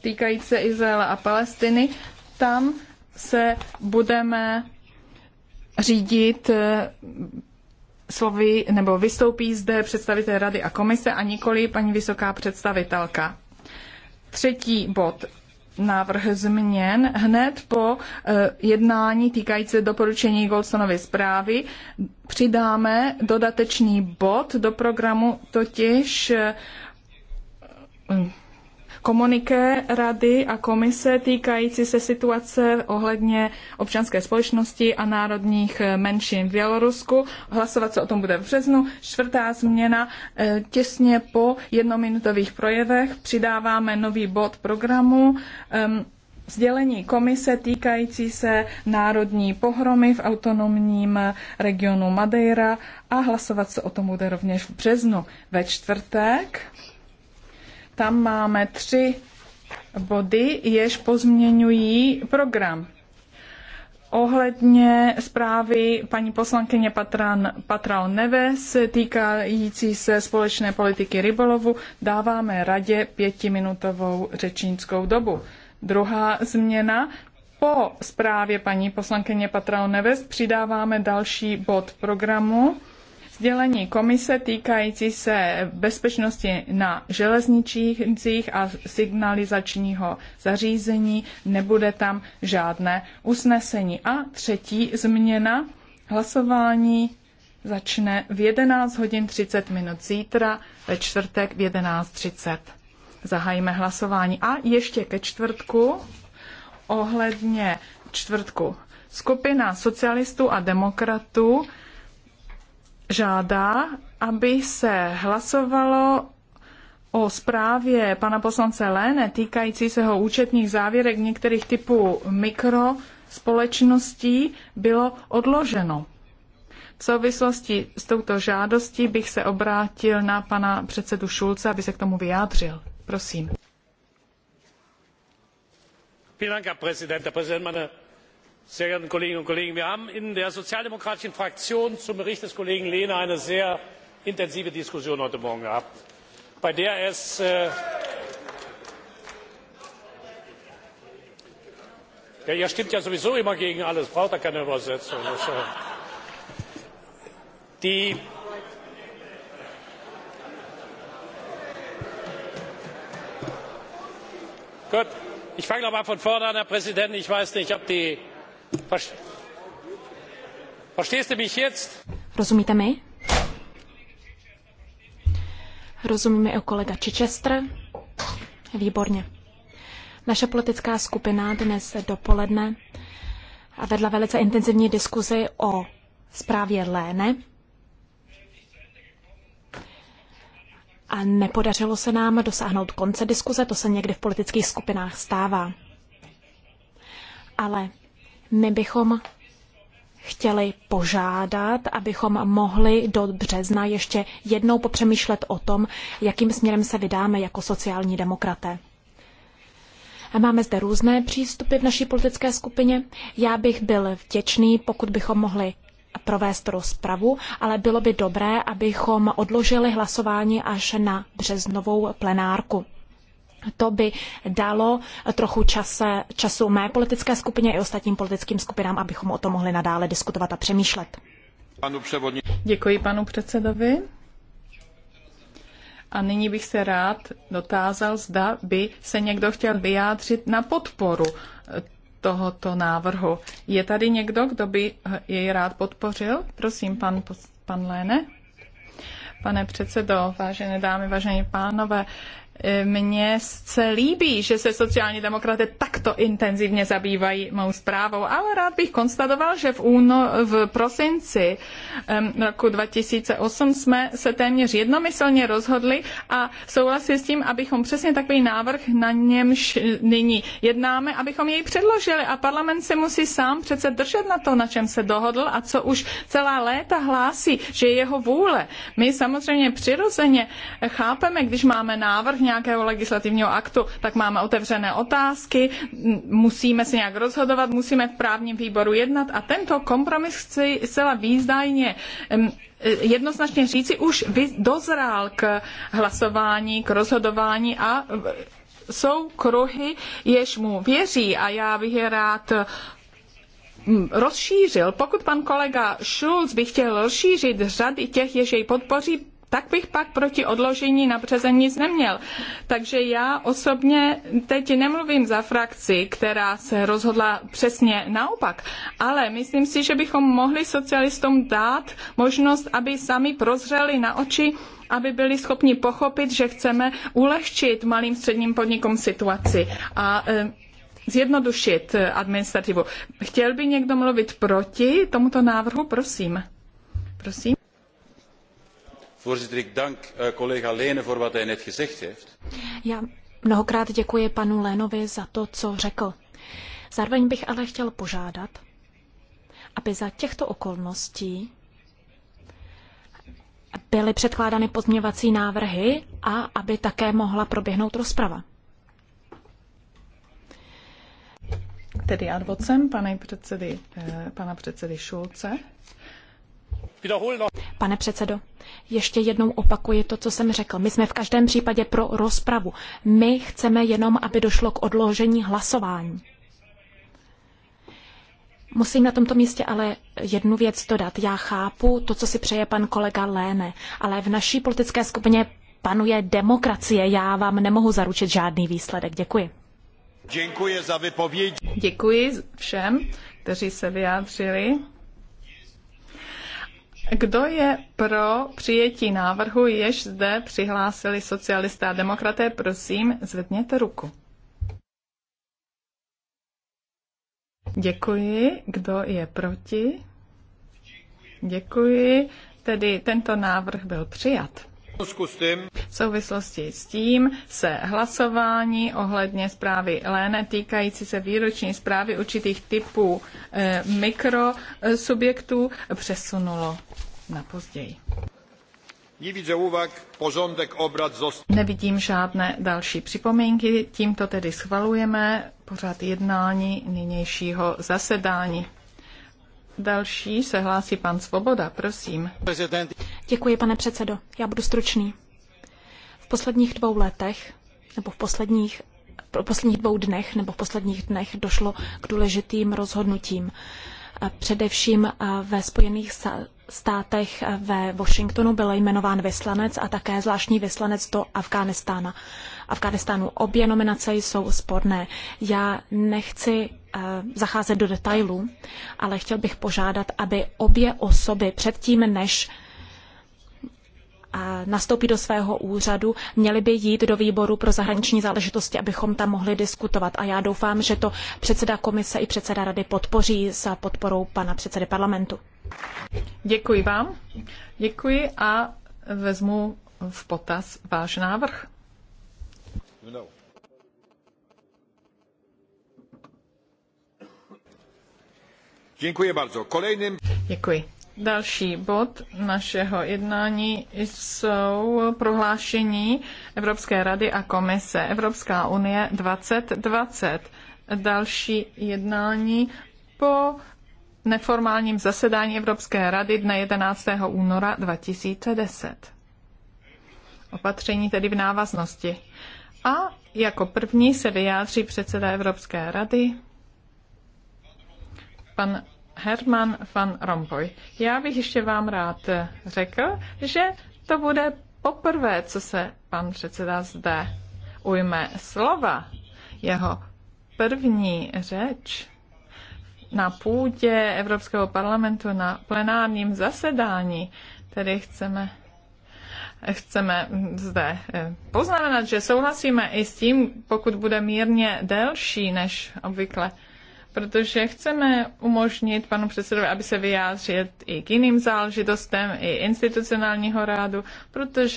týkající se Izraela a Palestiny, tam se budeme řídit eh, slovy, nebo vystoupí zde představitel Rady a komise a nikoli paní vysoká představitelka. Třetí bod návrh změn hned po eh, jednání týkající se doporučení Goldsonovy zprávy přidáme dodatečný bod do programu, totiž eh, komuniké rady a komise týkající se situace ohledně občanské společnosti a národních eh, menšin v Bělorusku. Hlasovat se o tom bude v březnu. Čtvrtá změna. Eh, těsně po jednominutových projevech přidáváme nový bod programu ehm, sdělení komise týkající se národní pohromy v autonomním eh, regionu Madeira a hlasovat se o tom bude rovněž v březnu. Ve čtvrtek tam máme tři body, jež pozměňují program. Ohledně zprávy paní poslankyně Patran, Patral Neves týkající se společné politiky rybolovu dáváme radě pětiminutovou řečnickou dobu. Druhá změna. Po zprávě paní poslankyně Patral Neves přidáváme další bod programu sdělení komise týkající se bezpečnosti na železničích a signalizačního zařízení, nebude tam žádné usnesení. A třetí změna, hlasování začne v 11 hodin 30 minut zítra, ve čtvrtek v 11.30. Zahajíme hlasování. A ještě ke čtvrtku, ohledně čtvrtku. Skupina socialistů a demokratů žádá, aby se hlasovalo o zprávě pana poslance Léne týkající se ho účetních závěrek některých typů mikro společností bylo odloženo. V souvislosti s touto žádostí bych se obrátil na pana předsedu Šulce, aby se k tomu vyjádřil. Prosím. Vielen Dank, Herr Präsident. Herr Präsident, meine sehr geehrten kolleginnen und kollegen! wir haben in der sozialdemokratischen fraktion zum bericht des kollegen lehne eine sehr intensive diskussion heute morgen gehabt bei der es äh, ja ihr stimmt ja sowieso immer gegen alles es braucht ja keine übersetzung äh, ich fange noch einmal von vorne an herr präsident. ich weiß nicht ob die Rozumíte mi? Rozumí mi o kolega Čičestr? Výborně. Naše politická skupina dnes dopoledne vedla velice intenzivní diskuzi o zprávě Léne. A nepodařilo se nám dosáhnout konce diskuze, to se někdy v politických skupinách stává. Ale my bychom chtěli požádat, abychom mohli do března ještě jednou popřemýšlet o tom, jakým směrem se vydáme jako sociální demokraté. Máme zde různé přístupy v naší politické skupině. Já bych byl vděčný, pokud bychom mohli provést rozpravu, ale bylo by dobré, abychom odložili hlasování až na březnovou plenárku to by dalo trochu čase, času mé politické skupině i ostatním politickým skupinám, abychom o tom mohli nadále diskutovat a přemýšlet. Panu převodní... Děkuji panu předsedovi. A nyní bych se rád dotázal, zda by se někdo chtěl vyjádřit na podporu eh, tohoto návrhu. Je tady někdo, kdo by eh, jej rád podpořil? Prosím, pan, pan Léne. Pane předsedo, vážené dámy, vážení pánové, mně se líbí, že se sociální demokraté takto intenzivně zabývají mou zprávou, ale rád bych konstatoval, že v, úno, v prosinci roku 2008 jsme se téměř jednomyslně rozhodli a souhlasili s tím, abychom přesně takový návrh, na němž nyní jednáme, abychom jej předložili a parlament se musí sám přece držet na to, na čem se dohodl a co už celá léta hlásí, že je jeho vůle. My samozřejmě přirozeně chápeme, když máme návrh nějakého legislativního aktu, tak máme otevřené otázky, musíme se nějak rozhodovat, musíme v právním výboru jednat a tento kompromis chci zcela výzdajně e, jednoznačně říci, už dozrál k hlasování, k rozhodování a jsou kruhy, jež mu věří a já bych je rád rozšířil. Pokud pan kolega Schulz by chtěl rozšířit řady těch, jež jej podpoří, tak bych pak proti odložení na březen nic neměl. Takže já osobně teď nemluvím za frakci, která se rozhodla přesně naopak, ale myslím si, že bychom mohli socialistům dát možnost, aby sami prozřeli na oči, aby byli schopni pochopit, že chceme ulehčit malým středním podnikům situaci a e, zjednodušit e, administrativu. Chtěl by někdo mluvit proti tomuto návrhu? Prosím. Prosím. Voorzitter, ik dank eh, collega Lene voor wat hij net gezegd heeft. Já mnohokrát děkuji panu Lénovi za to, co řekl. Zároveň bych ale chtěl požádat, aby za těchto okolností byly předkládány pozměňovací návrhy a aby také mohla proběhnout rozprava. Tedy advocem pane předsedy, eh, pana předsedy Šulce. Pane předsedo, ještě jednou opakuji to, co jsem řekl. My jsme v každém případě pro rozpravu. My chceme jenom, aby došlo k odložení hlasování. Musím na tomto místě ale jednu věc dodat. Já chápu to, co si přeje pan kolega Léne, ale v naší politické skupině panuje demokracie. Já vám nemohu zaručit žádný výsledek. Děkuji. Děkuji za vypovědi. Děkuji všem, kteří se vyjádřili. Kdo je pro přijetí návrhu, jež zde přihlásili socialisté a demokraté, prosím, zvedněte ruku. Děkuji. Kdo je proti? Děkuji. Tedy tento návrh byl přijat. V souvislosti s tím se hlasování ohledně zprávy Léne týkající se výroční zprávy určitých typů e, eh, mikrosubjektů eh, přesunulo na později. Nevidím žádné další připomínky, tímto tedy schvalujeme pořád jednání nynějšího zasedání. Další se hlásí pan Svoboda, prosím. Prezident. Děkuji, pane předsedo. Já budu stručný. V posledních dvou letech, nebo v posledních, v posledních dvou dnech, nebo v posledních dnech došlo k důležitým rozhodnutím. Především ve Spojených státech ve Washingtonu byl jmenován vyslanec a také zvláštní vyslanec do Afghánistána. Afghánistánu obě nominace jsou sporné. Já nechci zacházet do detailů, ale chtěl bych požádat, aby obě osoby předtím, než nastoupí do svého úřadu, měli by jít do výboru pro zahraniční záležitosti, abychom tam mohli diskutovat. A já doufám, že to předseda komise i předseda rady podpoří s podporou pana předsedy parlamentu. Děkuji vám. Děkuji a vezmu v potaz váš návrh. No. Děkuji bardzo. Kolejným... Děkuji. Další bod našeho jednání jsou prohlášení Evropské rady a komise Evropská unie 2020. Další jednání po neformálním zasedání Evropské rady dne 11. února 2010. Opatření tedy v návaznosti. A jako první se vyjádří předseda Evropské rady pan Herman van Rompuy. Já bych ještě vám rád řekl, že to bude poprvé, co se pan předseda zde ujme slova. Jeho první řeč na půdě Evropského parlamentu na plenárním zasedání, tedy chceme chceme zde eh, poznamenat, že souhlasíme i s tím, pokud bude mírně delší než obvykle protože chceme umožnit panu předsedovi, aby se vyjádřil i k jiným záležitostem, i institucionálního rádu, protože